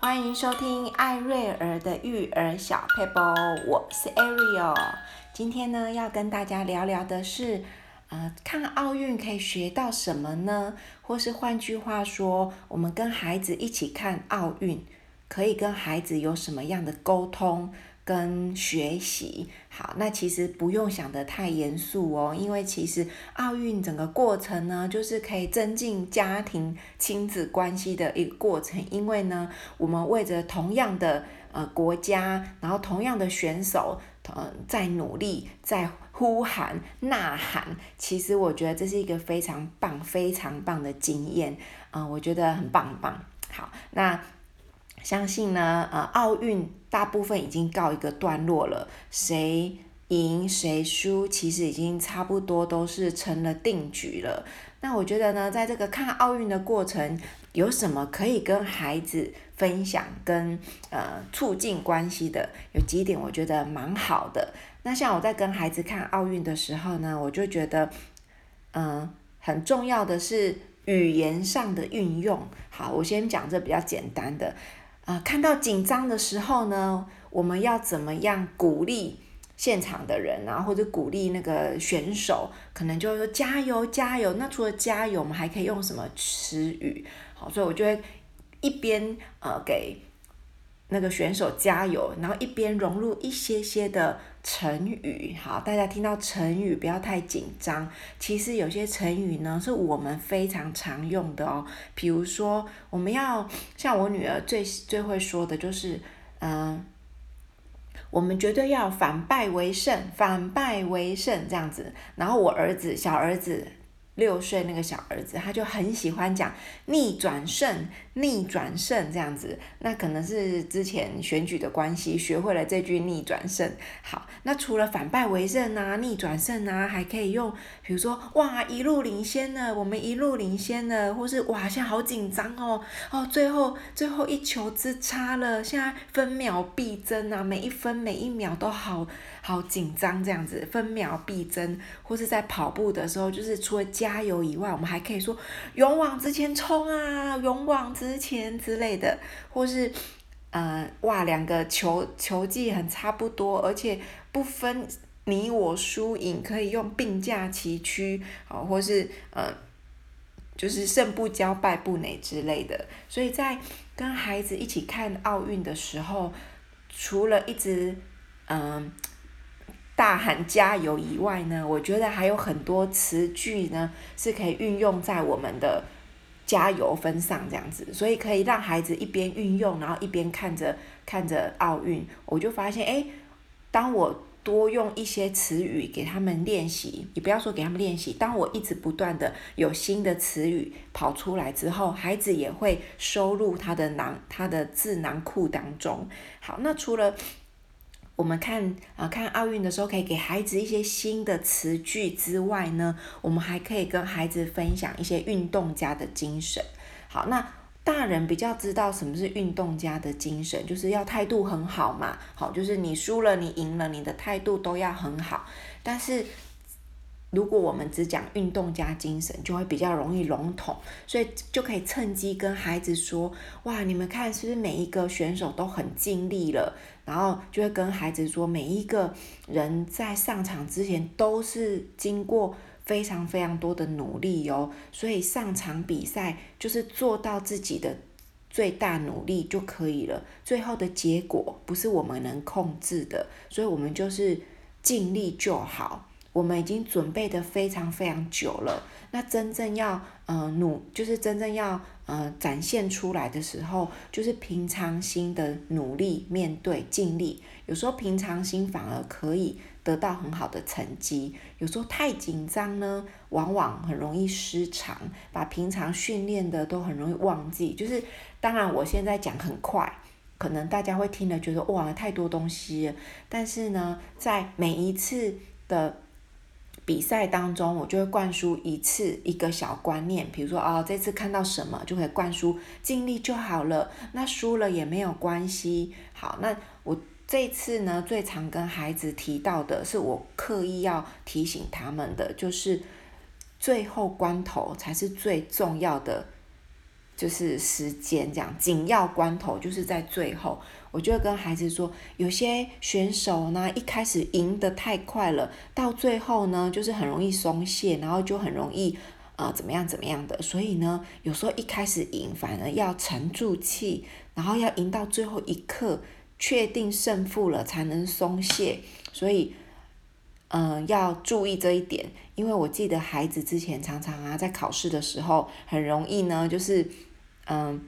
歡迎收聽艾瑞兒的育兒小佩寶、哦，我是 Ariel。今天呢，要跟大家聊聊的是，呃，看奧運可以學到什麼呢？或是換句話說，我們跟孩子一起看奧運，可以跟孩子有什麼樣的溝通？跟學習好，那其實不用想得太嚴肅哦，因為其實奧運整個過程呢，就是可以增進家庭親子關係的一個過程。因為呢，我們為着同樣的呃國家，然後同樣的選手，呃，在努力，在呼喊吶、呃、喊，其實我覺得這是一個非常棒、非常棒的經驗，嗯、呃，我覺得很棒很棒。好，那。相信呢，呃，奧運大部分已經告一個段落了，誰贏誰輸，其實已經差不多都是成了定局了。那我覺得呢，在這個看奧運的過程，有什麼可以跟孩子分享、跟呃促進關係的，有幾點我覺得蠻好的。那像我在跟孩子看奧運的時候呢，我就覺得，呃，很重要的是語言上的運用。好，我先講這比較簡單的。啊、呃，看到緊張的時候呢，我們要怎麼樣鼓勵現場的人啊，然後或者鼓勵那個選手？可能就會說加油，加油。那除了加油，我們還可以用什麼詞語？好，所以我就會一邊呃給那個選手加油，然後一邊融入一些些的。成語，好，大家聽到成語不要太緊張。其實有些成語呢，是我們非常常用的哦。比如說，我們要像我女兒最最會說的就是，嗯、呃，我們絕對要反敗為勝，反敗為勝這樣子。然後我兒子，小兒子，六歲那個小兒子，他就很喜歡講逆轉勝。逆轉勝這樣子，那可能是之前選舉的關係，學會了這句逆轉勝。好，那除了反敗為勝啊、逆轉勝啊，還可以用，比如說哇，一路領先呢，我們一路領先呢，或是哇，現在好緊張哦，哦，最後最後一球之差了，現在分秒必爭啊，每一分每一秒都好好緊張這樣子，分秒必爭，或是在跑步的時候，就是除了加油以外，我們還可以說勇往直前衝啊，勇往直。之前之類的，或是，呃，哇，兩個球球技很差不多，而且不分你我輸贏，可以用並駕齊驅啊，哦，或是，呃，就是勝不驕敗不餒之類的。所以在跟孩子一起看奧運的時候，除了一直嗯、呃、大喊加油以外呢，我覺得還有很多詞句呢是可以運用在我們的。加油分上這樣子，所以可以讓孩子一邊運用，然後一邊看着看着奧運。我就發現，誒、欸，當我多用一些詞語給他們練習，你不要說給他們練習，當我一直不斷的有新的詞語跑出來之後，孩子也會收入他的囊，他的智囊庫當中。好，那除了。我們看啊，看奧運的時候，可以給孩子一些新的詞句之外呢，我們還可以跟孩子分享一些運動家的精神。好，那大人比較知道什麼是運動家的精神，就是要態度很好嘛。好，就是你輸了，你贏了，你的態度都要很好。但是。如果我們只講運動家精神，就會比較容易籠統，所以就可以趁機跟孩子說：哇，你們看，是不是每一個選手都很盡力了？然後就會跟孩子說，每一個人在上場之前都是經過非常非常多的努力喲、哦，所以上場比賽就是做到自己的最大努力就可以了。最後的結果不是我們能控制的，所以我們就是盡力就好。我們已經準備得非常非常久了，那真正要嗯、呃、努，就是真正要嗯、呃、展現出來的時候，就是平常心的努力面對盡力。有時候平常心反而可以得到很好的成績，有時候太緊張呢，往往很容易失常，把平常訓練的都很容易忘記。就是當然我現在講很快，可能大家會聽了覺得哇，太多東西了，但是呢，在每一次的。比賽當中，我就會灌輸一次一個小觀念，比如說啊、哦，這次看到什麼，就可以灌輸盡力就好了，那輸了也沒有關係。好，那我這次呢，最常跟孩子提到的是，我刻意要提醒他們的，就是最後關頭才是最重要的。就是時間這樣，緊要關頭就是在最後，我就跟孩子說，有些選手呢，一開始贏得太快了，到最後呢就是很容易鬆懈，然後就很容易呃怎麼樣怎麼樣的，所以呢有時候一開始贏反而要沉住氣，然後要贏到最後一刻，確定勝負了才能鬆懈，所以嗯，呃，要注意這一點，因為我記得孩子之前常常啊在考試的時候很容易呢就是。嗯，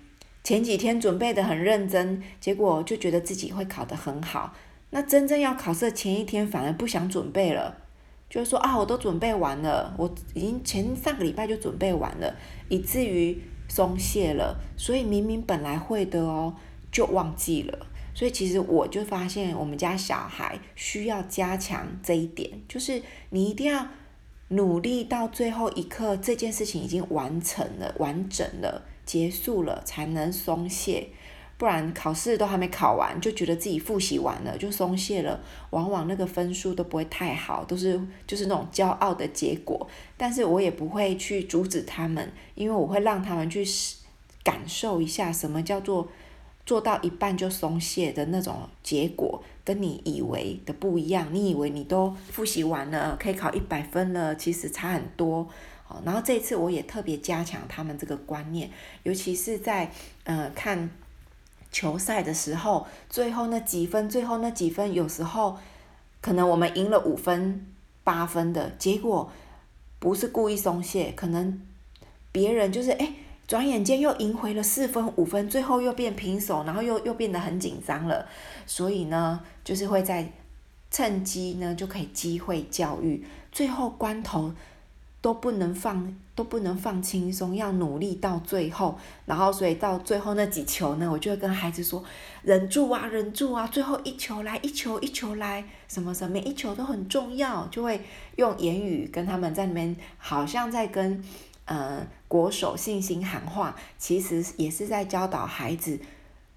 前幾天準備的很認真，結果就覺得自己會考得很好。那真正要考試的前一天，反而不想準備了，就是說啊，我都準備完了，我已經前上個禮拜就準備完了，以至於鬆懈了。所以明明本來會的哦，就忘記了。所以其實我就發現，我們家小孩需要加強這一點，就是你一定要努力到最後一刻，這件事情已經完成了，完整了。結束了才能鬆懈，不然考試都還沒考完，就覺得自己複習完了就鬆懈了，往往那個分數都不會太好，都是就是那種驕傲的結果。但是我也不會去阻止他們，因為我會讓他們去感受一下什麼叫做做到一半就鬆懈的那種結果，跟你以為的不一樣。你以為你都複習完了，可以考一百分了，其實差很多。然後這次我也特別加強他們這個觀念，尤其是在呃看球賽的時候，最後那幾分，最後那幾分，有時候可能我們贏了五分八分的，結果不是故意鬆懈，可能別人就是誒，轉眼間又贏回了四分五分，最後又變平手，然後又又變得很緊張了，所以呢，就是會在趁機呢就可以機會教育，最後關頭。都不能放，都不能放輕鬆，要努力到最後。然後，所以到最後那幾球呢，我就會跟孩子說：“忍住啊，忍住啊，最後一球來，一球一球來，什麼什麼，每一球都很重要。”就會用言語跟他們在裡面，好像在跟，呃，國手信心喊話，其實也是在教導孩子，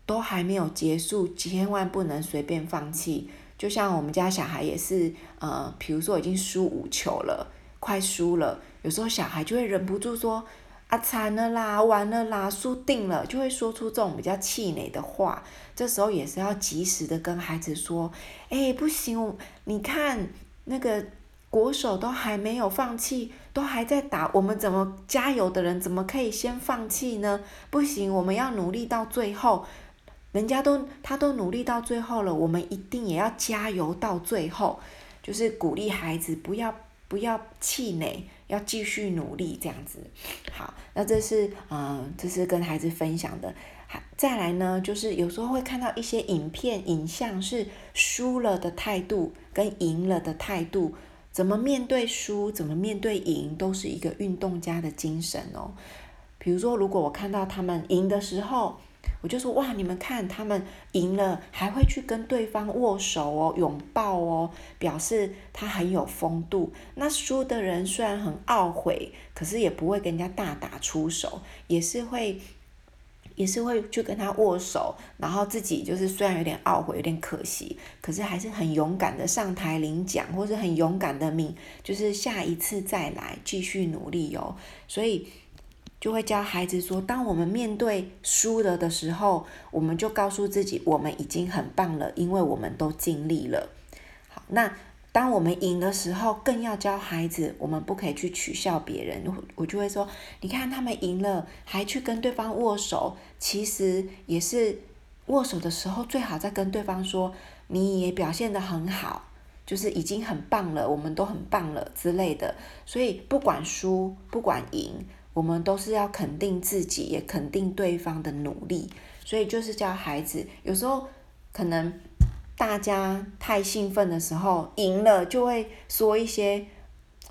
都還沒有結束，千萬不能隨便放棄。就像我們家小孩也是，呃，比如說已經輸五球了。快輸了，有時候小孩就會忍不住說：“啊慘了啦，完了啦，輸定了！”就會說出這種比較氣餒的話。這時候也是要及時的跟孩子說：“哎、欸，不行，你看那個國手都還沒有放棄，都還在打，我們怎麼加油的人怎麼可以先放棄呢？不行，我們要努力到最後。人家都他都努力到最後了，我們一定也要加油到最後，就是鼓勵孩子不要。”不要氣餒，要繼續努力這樣子。好，那這是嗯、呃，這是跟孩子分享的。還再來呢，就是有時候會看到一些影片、影像，是輸了的態度跟贏了的態度，怎麼面對輸，怎麼面對贏，都是一個運動家的精神哦。比如說，如果我看到他們贏的時候。我就說哇，你們看他們贏了，還會去跟對方握手哦、擁抱哦，表示他很有風度。那輸的人雖然很懊悔，可是也不會跟人家大打出手，也是會，也是會去跟他握手，然後自己就是雖然有點懊悔、有點可惜，可是還是很勇敢的上台領獎，或是很勇敢的命，就是下一次再來繼續努力哦。所以。就會教孩子說，當我們面對輸了的時候，我們就告訴自己，我們已經很棒了，因為我們都盡力了。好，那當我們贏的時候，更要教孩子，我們不可以去取笑別人。我就會說，你看他們贏了，還去跟對方握手，其實也是握手的時候，最好再跟對方說，你也表現得很好，就是已經很棒了，我們都很棒了之類的。所以不管輸不管贏。我們都是要肯定自己，也肯定對方的努力。所以就是教孩子，有時候可能大家太興奮的時候，贏了就會說一些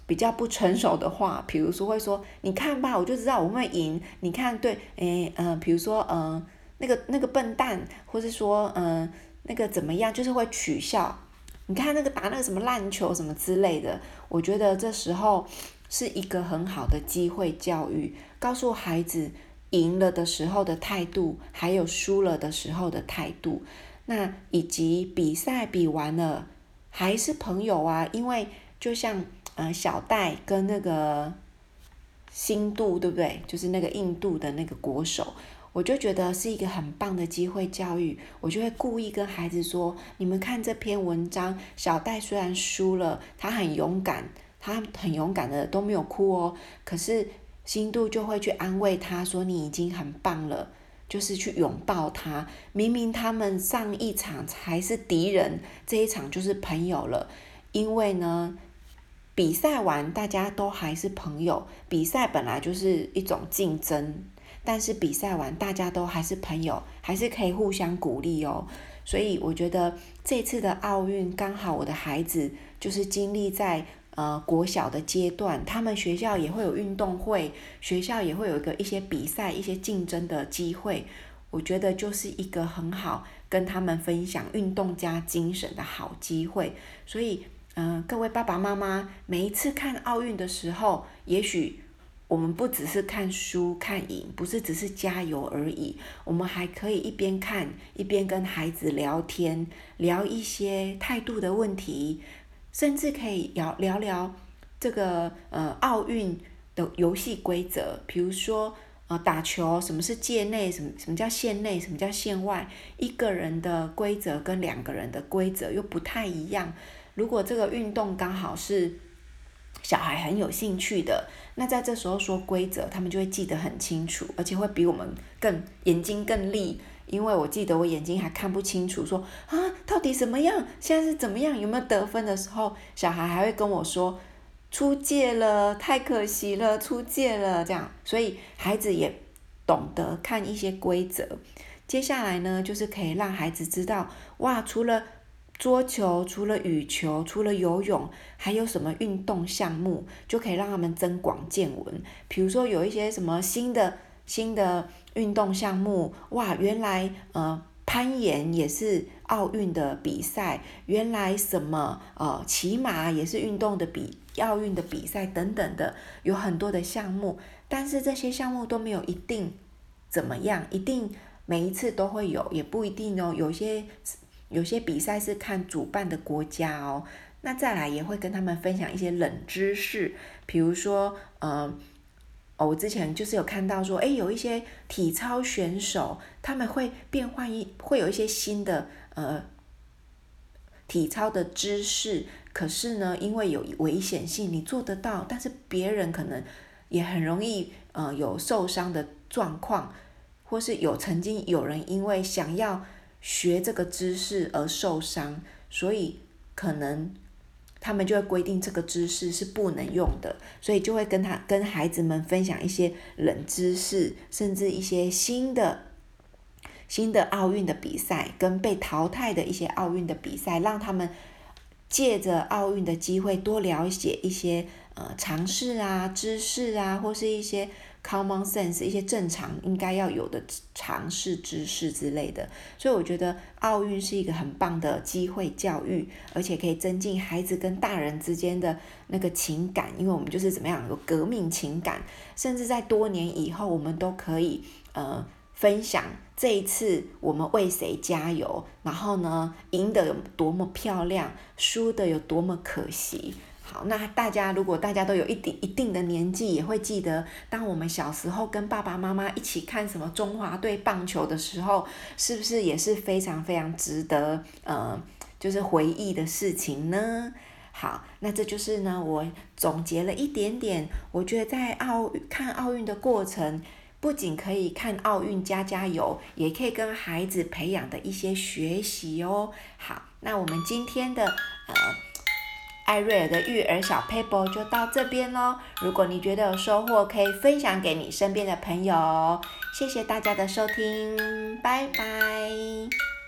比較不成熟的話，比如說會說：“你看吧，我就知道我會贏。”你看，對，誒嗯、呃，比如說，嗯、呃，那個那個笨蛋，或是說，嗯、呃，那個怎麼樣，就是會取笑。你看那個打那個什麼爛球什麼之類的，我覺得這時候。是一個很好的機會教育，告訴孩子贏了的時候的態度，還有輸了的時候的態度，那以及比賽比完了還是朋友啊，因為就像呃小戴跟那個新度對不對，就是那個印度的那個國手，我就覺得是一個很棒的機會教育，我就會故意跟孩子說，你們看這篇文章，小戴雖然輸了，他很勇敢。他很勇敢的都沒有哭哦，可是心度就會去安慰他說：“你已經很棒了。”就是去擁抱他。明明他們上一場還是敵人，這一場就是朋友了。因為呢，比賽完大家都還是朋友。比賽本來就是一種競爭，但是比賽完大家都還是朋友，還是可以互相鼓勵哦。所以我覺得這次的奧運剛好我的孩子就是經歷在。呃，國小的階段，他們學校也會有運動會，學校也會有一個一些比賽、一些競爭的機會。我覺得就是一個很好跟他們分享運動家精神的好機會。所以，嗯、呃，各位爸爸媽媽，每一次看奧運的時候，也許我們不只是看輸、看贏，不是只是加油而已，我們還可以一邊看一邊跟孩子聊天，聊一些態度的問題。甚至可以聊聊聊這個呃奧運的遊戲規則，比如說呃打球，什麼是界內，什麼什麼叫線內，什麼叫線外，一個人的規則跟兩個人的規則又不太一樣。如果這個運動剛好是小孩很有興趣的，那在這時候說規則，他們就會記得很清楚，而且會比我們更眼睛更利。因為我記得我眼睛還看不清楚說，說啊，到底什麼樣？現在是怎麼樣？有沒有得分的時候？小孩還會跟我說，出界了，太可惜了，出界了這樣。所以孩子也懂得看一些規則。接下來呢，就是可以讓孩子知道，哇，除了桌球，除了羽球，除了游泳，還有什麼運動項目，就可以讓他們增廣見聞。比如說有一些什麼新的新的。運動項目，哇，原來呃，攀岩也是奧運的比賽，原來什麼呃騎馬也是運動的比奧運的比賽等等的，有很多的項目，但是這些項目都沒有一定怎麼樣，一定每一次都會有，也不一定哦，有些有些比賽是看主辦的國家哦，那再來也會跟他們分享一些冷知識，比如說呃。我之前就是有看到說，哎，有一些體操選手，他們會變換一，會有一些新的呃體操的姿勢，可是呢，因為有危險性，你做得到，但是別人可能也很容易呃有受傷的狀況，或是有曾經有人因為想要學這個姿勢而受傷，所以可能。他們就會規定這個姿勢是不能用的，所以就會跟他，跟孩子們分享一些冷知識，甚至一些新的新的奧運的比賽跟被淘汰的一些奧運的比賽，讓他們借着奧運的機會多了解一些呃常識啊、知識啊，或是一些。common sense 一些正常應該要有的常識知識之類的，所以我覺得奧運是一個很棒的機會教育，而且可以增進孩子跟大人之間的那個情感，因為我們就是怎麼樣有革命情感，甚至在多年以後我們都可以呃分享這一次我們為誰加油，然後呢贏得有多麼漂亮，輸得有多麼可惜。好，那大家如果大家都有一點一定的年紀，也會記得，當我們小時候跟爸爸媽媽一起看什麼中華隊棒球的時候，是不是也是非常非常值得，呃，就是回憶的事情呢？好，那這就是呢，我總結了一點點，我覺得在奧看奧運的過程，不僅可以看奧運加加油，也可以跟孩子培養的一些學習哦。好，那我們今天的呃。艾瑞爾的育兒小 paper 就到這邊嘍。如果你覺得有收穫，可以分享給你身邊的朋友。謝謝大家的收聽，拜拜。